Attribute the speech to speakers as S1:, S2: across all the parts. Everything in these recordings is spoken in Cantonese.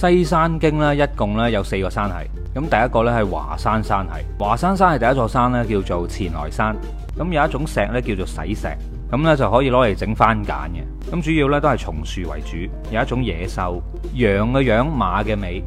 S1: 西山經咧，一共咧有四個山係。咁第一個咧係華山山係，華山山係第一座山咧叫做錢來山。咁有一種石咧叫做洗石，咁咧就可以攞嚟整番枧嘅。咁主要咧都係松樹為主，有一種野獸，羊嘅樣，馬嘅尾，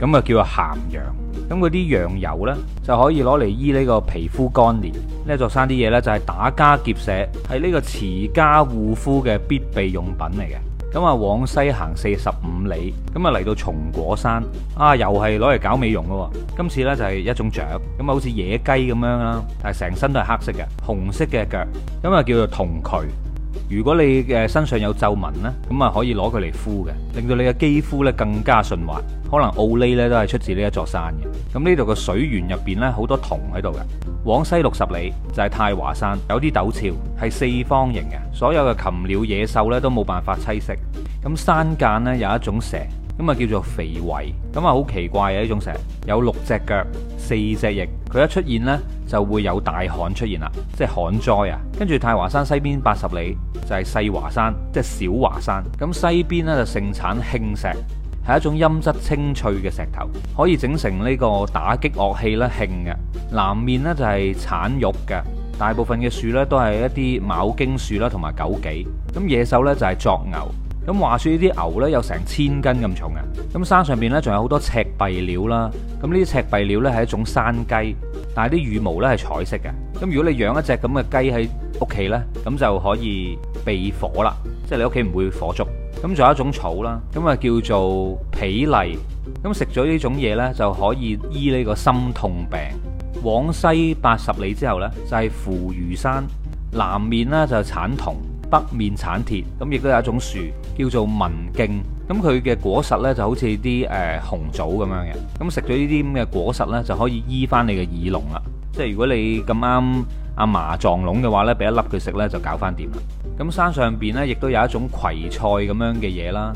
S1: 咁啊叫做咸羊。咁嗰啲羊油咧就可以攞嚟醫呢個皮膚乾裂。呢座山啲嘢咧就係打家劫舍，係呢個持家護膚嘅必備用品嚟嘅。咁啊，往西行四十五里，咁啊嚟到松果山，啊又係攞嚟搞美容咯。今次呢，就係一種雀，咁啊好似野雞咁樣啦，但係成身都係黑色嘅，紅色嘅腳，咁啊叫做銅渠。如果你嘅身上有皺紋咧，咁啊可以攞佢嚟敷嘅，令到你嘅肌膚咧更加順滑。可能奧利咧都係出自呢一座山嘅。咁呢度嘅水源入邊呢，好多銅喺度嘅。往西六十里就係太華山，有啲陡峭，係四方形嘅，所有嘅禽鳥野獸呢都冇辦法棲息。咁山間呢，有一種蛇。咁啊叫做肥遺，咁啊好奇怪嘅呢種蛇，有六隻腳、四隻翼，佢一出現呢，就會有大旱出現啦，即係旱災啊！跟住太華山西邊八十里就係、是、細華山，即係小華山。咁西邊呢，就盛產磬石，係一種音質清脆嘅石頭，可以整成呢個打擊樂器啦，磬嘅。南面呢，就係產玉嘅，大部分嘅樹呢，都係一啲卯經樹啦，同埋枸杞。咁野獸呢，就係作牛。咁話説呢啲牛呢，有成千斤咁重嘅，咁山上邊呢，仲有好多赤壁鳥啦，咁呢啲赤壁鳥呢，係一種山雞，但係啲羽毛呢，係彩色嘅。咁如果你養一隻咁嘅雞喺屋企呢，咁就可以避火啦，即係你屋企唔會火燭。咁仲有一種草啦，咁啊叫做皮藜，咁食咗呢種嘢呢，就可以醫呢個心痛病。往西八十里之後呢，就係扶餘山，南面呢，就係產銅。北面產鐵，咁亦都有一種樹叫做文莖，咁佢嘅果實咧就好似啲誒紅棗咁樣嘅，咁食咗呢啲咁嘅果實咧就可以醫翻你嘅耳聾啦。即係如果你咁啱阿嫲撞聾嘅話咧，俾一粒佢食呢就搞翻掂啦。咁山上邊呢，亦都有一種葵菜咁樣嘅嘢啦，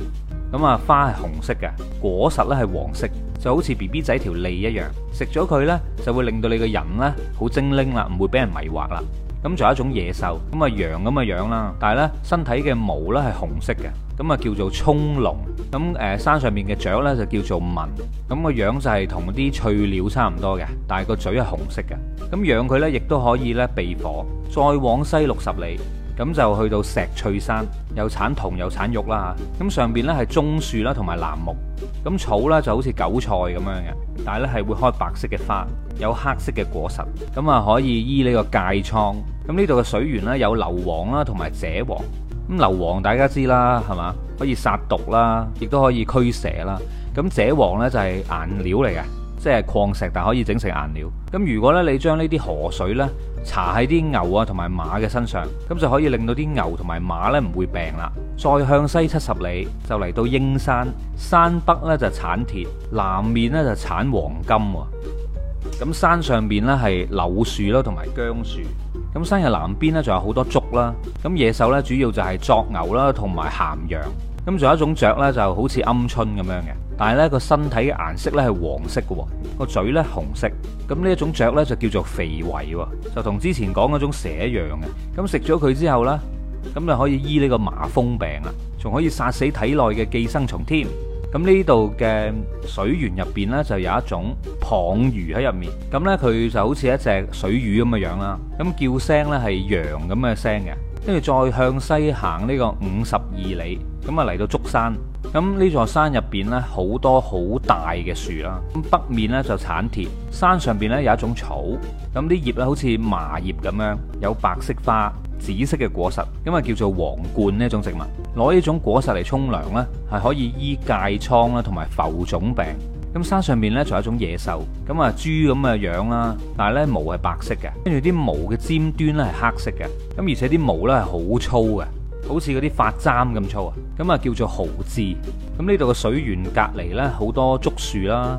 S1: 咁啊花係紅色嘅，果實咧係黃色，就好似 B B 仔條脷一樣，食咗佢呢，就會令到你個人咧好精靈啦，唔會俾人迷惑啦。咁就係一種野獸，咁啊羊咁嘅樣啦，但係呢，身體嘅毛呢係紅色嘅，咁啊叫做蔥龍。咁誒山上面嘅雀呢就叫做文，咁個樣就係同啲翠鳥差唔多嘅，但係個嘴係紅色嘅。咁養佢呢亦都可以呢避火。再往西六十里。咁就去到石翠山，又產銅又產玉啦吓。咁上邊呢係棕樹啦，同埋楠木。咁草呢就好似韭菜咁樣嘅，但係呢係會開白色嘅花，有黑色嘅果實。咁啊可以醫呢個疥瘡。咁呢度嘅水源呢，有硫磺啦，同埋赭黃。咁硫磺大家知啦，係嘛，可以殺毒啦，亦都可以驅蛇啦。咁赭黃呢，就係顏料嚟嘅。即係礦石，但可以整成顏料。咁如果咧，你將呢啲河水呢搽喺啲牛啊同埋馬嘅身上，咁就可以令到啲牛同埋馬呢唔會病啦。再向西七十里就嚟到英山，山北呢，就產鐵，南面呢，就產黃金。咁山上邊呢，係柳樹咯，同埋姜樹。咁山嘅南邊呢，仲有好多竹啦。咁野獸呢，主要就係作牛啦，同埋鹹羊。咁仲有一種雀呢，就好似鵪鶉咁樣嘅。但係咧個身體嘅顏色咧係黃色嘅，個嘴咧紅色。咁呢一種雀咧就叫做肥遺，就同之前講嗰種蛇一樣嘅。咁食咗佢之後呢，咁就可以醫呢個麻風病啦，仲可以殺死體內嘅寄生蟲添。咁呢度嘅水源入邊呢，就有一種蚌魚喺入面。咁呢，佢就好似一隻水魚咁嘅樣啦。咁叫聲呢係羊咁嘅聲嘅。跟住再向西行呢個五十二里，咁啊嚟到竹山。咁呢座山入邊呢，好多好大嘅樹啦。咁北面呢，就產鐵；山上邊呢，有一種草，咁啲葉咧好似麻葉咁樣，有白色花、紫色嘅果實，咁啊叫做皇冠呢一種植物。攞呢種果實嚟沖涼呢，係可以醫疥瘡啦，同埋浮腫病。咁山上邊呢，就有一種野獸，咁啊豬咁嘅樣啦，但係呢，毛係白色嘅，跟住啲毛嘅尖端呢，係黑色嘅，咁而且啲毛呢，係好粗嘅。好似嗰啲髮簪咁粗啊，咁啊叫做豪枝。咁呢度嘅水源隔離呢，好多竹樹啦，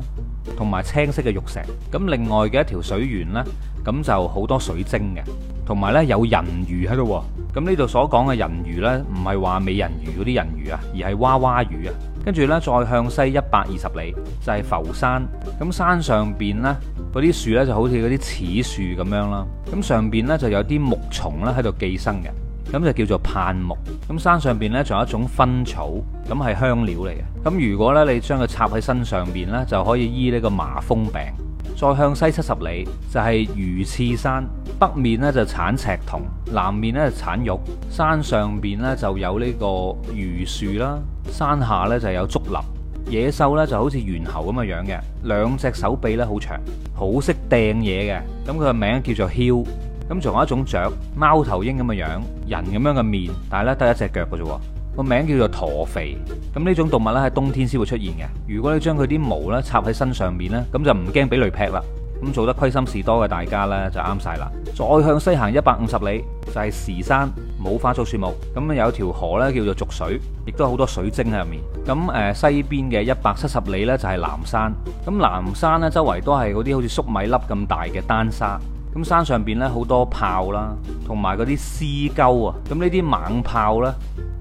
S1: 同埋青色嘅玉石。咁另外嘅一條水源呢，咁就好多水晶嘅，同埋呢，有人魚喺度。咁呢度所講嘅人魚呢，唔係話美人魚嗰啲人魚啊，而係娃娃魚啊。跟住呢，再向西一百二十里就係浮山。咁山上邊呢，嗰啲樹呢，就好似嗰啲柿樹咁樣啦。咁上邊呢，就有啲木蟲啦，喺度寄生嘅。咁就叫做盼木。咁山上邊呢，仲有一種薰草，咁係香料嚟嘅。咁如果咧你將佢插喺身上邊呢，就可以醫呢個麻風病。再向西七十里就係、是、羭次山，北面呢，就產赤銅，南面呢，就產玉。山上邊呢，就有呢個榆樹啦，山下呢，就有竹林。野獸呢，就好似猿猴咁嘅樣嘅，兩隻手臂呢，好長，好識掟嘢嘅。咁佢個名叫做囂。咁仲有一種雀，貓頭鷹咁嘅樣，人咁樣嘅面，但係咧得一隻腳嘅啫。個名叫做駝肥。咁呢種動物咧喺冬天先會出現嘅。如果你將佢啲毛咧插喺身上面咧，咁就唔驚俾雷劈啦。咁做得虧心事多嘅大家咧就啱晒啦。再向西行一百五十里就係、是、時山，冇花草樹木。咁啊有條河咧叫做逐水，亦都好多水晶喺入面。咁誒西邊嘅一百七十里咧就係南山。咁南山咧周圍都係啲好似粟米粒咁大嘅丹砂。咁山上邊咧好多豹啦，同埋嗰啲尸鳩啊，咁呢啲猛豹咧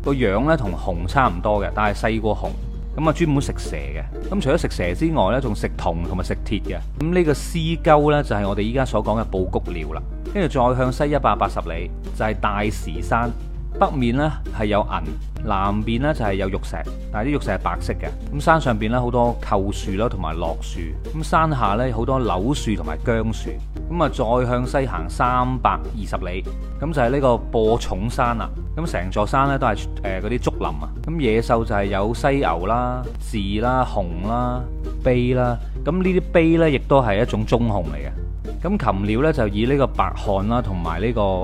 S1: 個樣呢同熊差唔多嘅，但係細過熊，咁啊專門食蛇嘅。咁除咗食蛇之外呢，仲食銅同埋食鐵嘅。咁、這、呢個尸鳩呢，就係我哋依家所講嘅布谷鳥啦。跟住再向西一百八十里就係、是、大時山。北面呢係有銀，南邊呢就係有玉石，但係啲玉石係白色嘅。咁山上邊呢好多構樹啦，同埋落樹。咁山下呢好多柳樹同埋姜樹。咁啊，再向西行三百二十里，咁就係、是、呢個嶓冢山啦。咁成座山呢都係誒嗰啲竹林啊。咁野獸就係有犀牛啦、兕啦、熊啦、羆啦。咁呢啲羆呢亦都係一種棕熊嚟嘅。咁禽鳥呢就以呢個白翰啦，同埋呢個。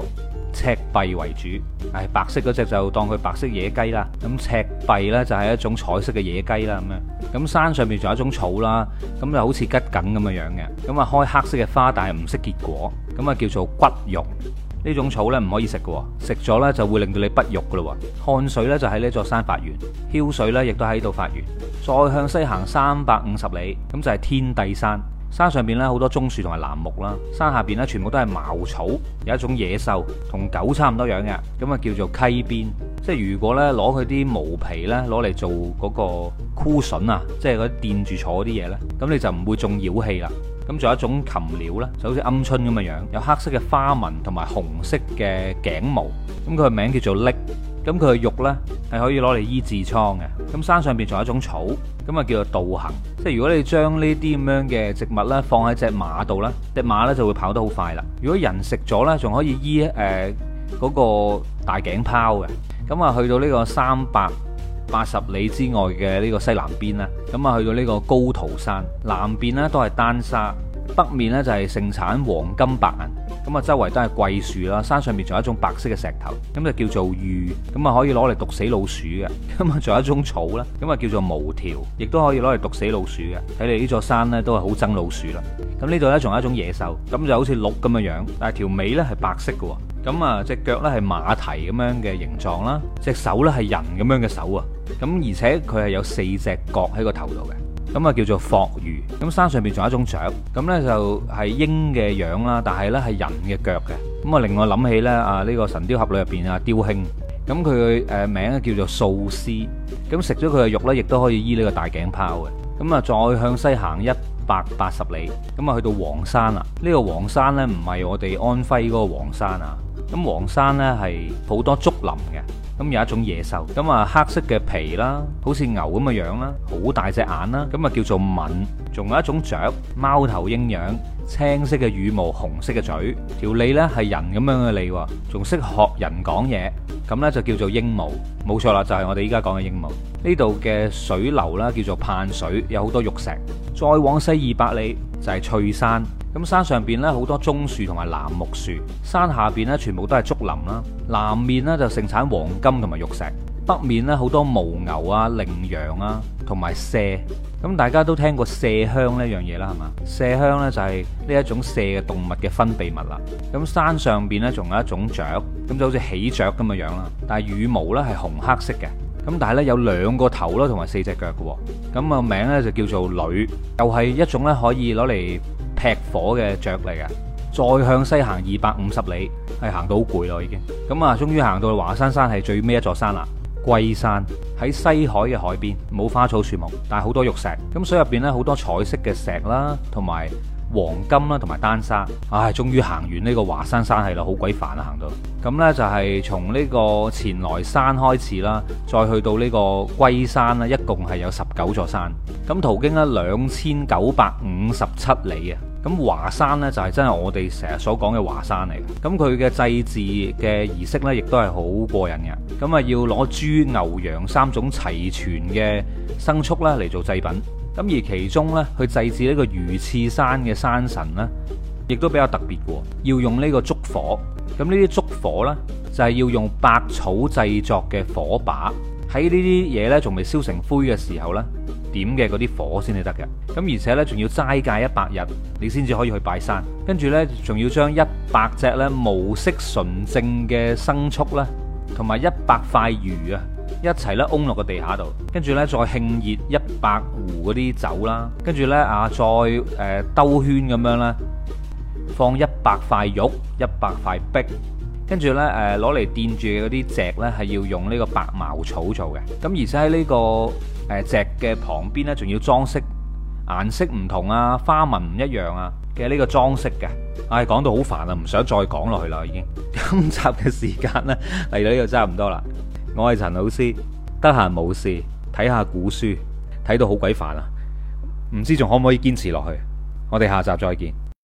S1: 赤鷩為主，唉，白色嗰隻就當佢白色野雞啦。咁赤鷩呢，就係一種彩色嘅野雞啦，咁樣。咁山上面仲有一種草啦，咁就好似桔梗咁嘅樣嘅，咁啊開黑色嘅花，但係唔識結果，咁啊叫做蓇蓉。呢種草呢，唔可以食噶，食咗呢，就會令到你不育噶咯。汗水呢，就喺呢座山發源，囂水呢，亦都喺度發源。再向西行三百五十里，咁就係天帝山。山上邊咧，好多棕樹同埋楠木啦，山下邊咧，全部都係茅草。有一種野獸同狗差唔多樣嘅，咁啊叫做溪邊。即係如果咧攞佢啲毛皮咧攞嚟做嗰個枯筍啊，即係嗰墊住坐啲嘢咧，咁你就唔會中妖氣啦。咁仲有一種禽鳥咧，就好似鵪鶉咁嘅樣，有黑色嘅花紋同埋紅色嘅頸毛，咁佢個名叫做櫟。咁佢嘅肉呢係可以攞嚟醫痔瘡嘅。咁山上邊仲有一種草，咁啊叫做杜衡。即係如果你將呢啲咁樣嘅植物呢放喺隻馬度呢，隻馬呢就會跑得好快啦。如果人食咗呢，仲可以醫誒嗰個大頸泡嘅。咁啊去到呢個三百八十里之外嘅呢個西南邊呢，咁啊去到呢個高圖山南邊呢都係丹砂，北面呢就係盛產黃金白銀。咁啊，周圍都係桂樹啦，山上邊仲有一種白色嘅石頭，咁就叫做礜，咁啊可以攞嚟毒死老鼠嘅。咁啊，仲有一種草啦，咁啊叫做無條，亦都可以攞嚟毒死老鼠嘅。睇嚟呢座山咧都係好憎老鼠啦。咁呢度呢，仲有一種野獸，咁就好似鹿咁嘅樣，但係條尾呢係白色嘅，咁啊隻腳呢係馬蹄咁樣嘅形狀啦，隻手呢係人咁樣嘅手啊，咁而且佢係有四隻角喺個頭度嘅。咁啊，叫做霍魚。咁山上邊仲有一種雀，咁呢就係鷹嘅樣啦，但係呢係人嘅腳嘅。咁啊，令我諗起咧啊，呢個神鵰俠侶入邊啊，鵰兄。咁佢嘅名叫做素絲。咁食咗佢嘅肉呢，亦都可以醫呢個大頸泡嘅。咁啊，再向西行一百八十里，咁啊去到黃山啦。呢、呢個黃山呢，唔係我哋安徽嗰個黃山啊。咁黃山咧係好多竹林嘅，咁有一種野獸，咁啊黑色嘅皮啦，好似牛咁嘅樣啦，好大隻眼啦，咁啊叫做敏，仲有一種雀，貓頭鷹樣，青色嘅羽毛，紅色嘅嘴，條脷咧係人咁樣嘅脷，仲識學人講嘢，咁呢就叫做鸚鵡，冇錯啦，就係、是、我哋依家講嘅鸚鵡。呢度嘅水流啦叫做盼水，有好多玉石。再往西二百里就係、是、翠山。咁山上邊咧好多棕樹同埋楠木樹，山下邊咧全部都係竹林啦。南面呢，就盛產黃金同埋玉石，北面咧好多毛牛啊、羚羊啊同埋麝。咁大家都聽過麝香呢樣嘢啦，係嘛？麝香咧就係呢一種麝嘅動物嘅分泌物啦。咁山上邊咧仲有一種雀，咁就好似喜鵲咁嘅樣啦。但係羽毛咧係紅黑色嘅，咁但係咧有兩個頭咯，同埋四隻腳嘅。咁啊名咧就叫做鸓，又係一種咧可以攞嚟。劈火嘅雀嚟嘅，再向西行二百五十里，係行到好攰咯。已經咁啊，終於行到華山山係最尾一座山啦。龜山喺西海嘅海邊，冇花草樹木，但係好多玉石咁，所以入邊咧好多彩色嘅石啦，同埋黃金啦，同埋丹砂。唉、哎，終於行完呢個華山山係啦，好鬼煩啊，行到咁呢，就係從呢個前來山開始啦，再去到呢個龜山啦，一共係有十九座山咁，途經呢，兩千九百五十七里啊！咁華山咧就係真係我哋成日所講嘅華山嚟嘅，咁佢嘅祭祀嘅儀式呢，亦都係好過癮嘅。咁啊要攞豬牛羊三種齊全嘅牲畜咧嚟做祭品，咁而其中呢，去祭祀呢個羭次山嘅山神呢，亦都比較特別嘅，要用呢個燭火。咁呢啲燭火呢，就係要用百草製作嘅火把，喺呢啲嘢呢，仲未燒成灰嘅時候呢。點嘅嗰啲火先至得嘅，咁而且呢，仲要齋戒一百日，你先至可以去拜山。跟住呢，仲要將一百隻呢無色純正嘅生畜呢，同埋一百塊魚啊，一齊呢，安落個地下度。跟住呢，再慶熱一百壺嗰啲酒啦，跟住呢，啊再誒、呃、兜圈咁樣啦，放一百塊玉、一百塊壁。跟住呢，誒攞嚟墊住嗰啲席呢，係要用呢個白茅草做嘅。咁、嗯、而且喺呢、呢個誒，隻嘅旁邊咧，仲要裝飾，顏色唔同啊，花紋唔一樣啊嘅呢個裝飾嘅，唉、哎，講到好煩啊，唔想再講落去啦，已經今集嘅時間呢，嚟到呢度差唔多啦。我係陳老師，得閒冇事睇下古書，睇到好鬼煩啊，唔知仲可唔可以堅持落去，我哋下集再見。